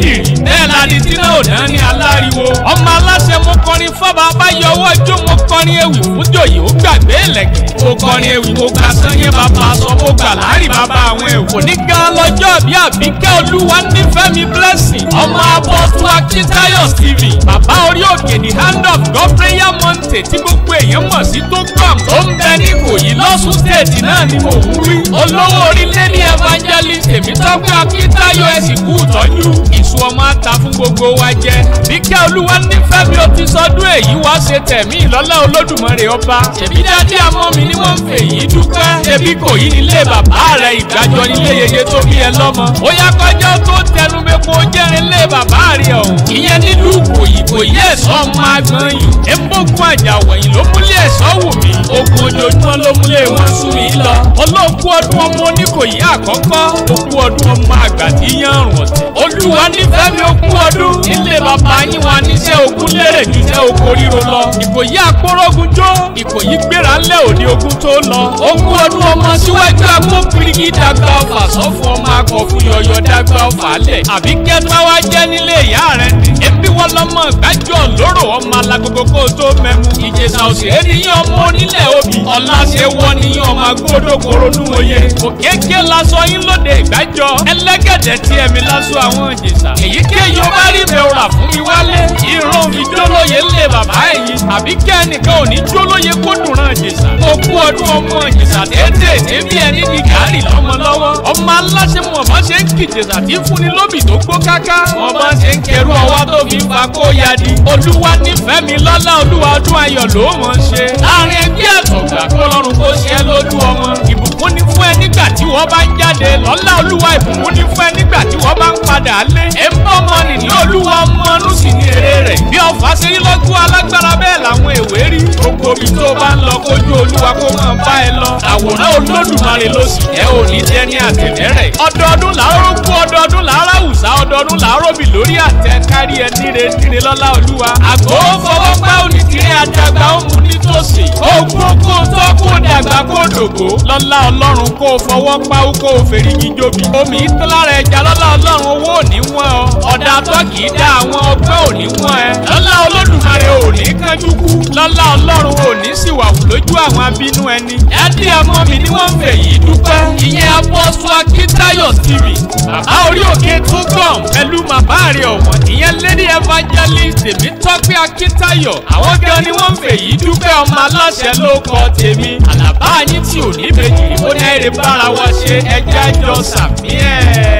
onídìrí bẹ́ẹ̀ la ní tí náà ò dání aláriwo ọmọ aláṣẹ mo kọrin fọba abáyọwọ́ ọjọ́ mo kọrin ewì fújòyè ó gbàgbé ẹlẹ́gẹ̀ mo kọrin ewì mo ga sanye bàbá aṣọ mo gbà láàrí bàbá àwọn ẹ̀wò oníga lọ́jọ́ bí àbíkẹ́ olúwa nífẹ̀ẹ́ mi blessing ọmọ abọ́ fún akíntayọ̀ stephen bàbá orí òkè the hand of God prayer mountain tí gbogbo èèyàn mọ̀ sí tó gbàm ó ń bẹ ní kòyí lọ́sùn orílẹ̀-èdè náà ni mò ń wí. olówó orílẹ̀ ní evangelist Tèmítọ́pẹ́ Akíntayọ̀ ẹ̀sìn kú ìtọ́jú. ìṣù ọmọ àta fún gbogbo wa jẹ. bíkẹ́ olúwa nífẹ̀ẹ́ mi ò ti sọdún èyí wá ṣe tẹ̀mí ìlọ́lá olódùmarè ọba. ṣèbí dáadé àmọ́ mi ni wọ́n ń fè yí dúpẹ́. ebi kò yí nílé bàbá rẹ̀ ìgbàjọ nílé yeye tó bí ẹ lọ́mọ. ó yá kọjá tó tẹ ẹnumepo jẹrin lé bàbá rẹ̀ o. ìyẹn nílùú ìkòyìkò yìí ẹ̀sọ́ máa gbọ́n yìí. èmbógun àjàwọ̀ yìí ló múlẹ̀ ẹ̀sọ́ wù mí. ogun ojoojúmọ́ ló múlẹ̀ wọn sún mi lọ. olóògùn ọdún ọmọ oníkòyí àkọ́kọ́. ogún ọdún ọmọ àgbà tí yán rùn ọ̀tẹ̀. olúwa nífẹ̀ẹ́ mi ogún ọdún. ilé bàbá yín wa níṣẹ́ ogún lérè ju Ìkòyí gbéra ńlẹ̀ òní ogún tó lọ. ogún ọdún ọmọ síwájú agbófinrigi dàgbà ọfà sọ́fún ọmọ akọ̀fún yọyọ dàgbà ọfà lẹ̀. àbí kẹta wá jẹ́ nílé ìyá rẹ̀ ni. ebi wọn lọmọ gbájú ọlọ́rọ̀ ọmọ alágogo kó tó mẹ́mu. ìjẹsà òsì ènìyàn ọmọ onílẹ̀ obì. ọ̀la ṣe wọ níyàn ọmọ agbódò koronú oyè. òkèké lasọ yín lóde ìgbàjọ. ẹlẹ́gẹ̀dẹ̀ tí ẹ̀mí lásọ àwọn ìjẹsà. èyíkéyìí ó bá rí bẹ̀rù rà fún mi wálé. ìrún òfin bàbá ẹ̀yìn àbí kí ẹnìkan ò ní jólóye kó dùnrán jèsà. okú ọdún ọmọ jèsà déédéé bí ẹni di gàárì lọ́mọ lọ́wọ́. ọmọ aláṣẹ mọ̀ bá ṣe ń kì jèsà tí fúnni lóbì tó gbó káká. wọ́n bá ṣe ń kẹrù ọwọ́ tó fi fa kó ya di. olúwa nífẹ̀ẹ́ mi lọ́lá olúwa ọdún ayọ̀ ló mọ̀ ṣe. láàrin ẹgbẹ́ àtọ̀gbà kó lọ́rùn kó ṣe ni fún ẹ nígbà tí wọ́n bá jáde lọ́lá olúwa olúwọ́ bá ń padà lé. èmbọ́ mọ́nì ní olúwa mọ́nú sì ní èrè rẹ̀. bí ọ̀fà ṣe rí lọ́gbọ́ alágbára bẹ́ẹ̀ làwọn èwe rí. gbogbo omi tó bá ń lọ kójú olúwa kó máa bá ẹ lọ. àwòrán olódùmarè ló sì jẹ́ òní jẹ́ ní àtẹ̀lẹ́rẹ̀. ọdọọdún làárọ̀ kú ọdọọdún làárọ̀ àwùsá ọdọọdún làárọ̀ bì lórí àtẹ kárí ẹ níre níre lọ́lá olúwa. àgbò dògó lọ́lá ọlọ́run kó o fọwọ́ páwó kó o fèrè yín jóbi. omi ìtọ́lára ẹja lọ́lá ọlọ́run owó ò ní wọ́n ọ. ọ̀dà tọ́kì dá àwọn ọgbẹ́ ò ní wọ́n ẹ. lọ́lá olódùmarè ò ní kánjú kú. lọ́lá ọlọ́run ò ní ṣìwàwù lójú àwọn abínú ẹni. ẹ dí ọmọ mi ni wọ́n fèyí dúpẹ́. ìyẹn apọ́sọ akí tv bàbá orí òkè tún gbọ̀n pẹ̀lú bàbá rẹ̀ ọ̀wọ̀n ìyẹn lady evangelist tèmítọ́pẹ́ akíntayọ̀ àwọn gan ni wọ́n ń fè yí dúpẹ́ ọmọ aláṣẹ ló kọ tèmi àlàbá yín tí ò ní bèjì ó ní ẹ̀rẹ̀ bára wa ṣe ẹjẹ́ jọ sàmí ẹ̀.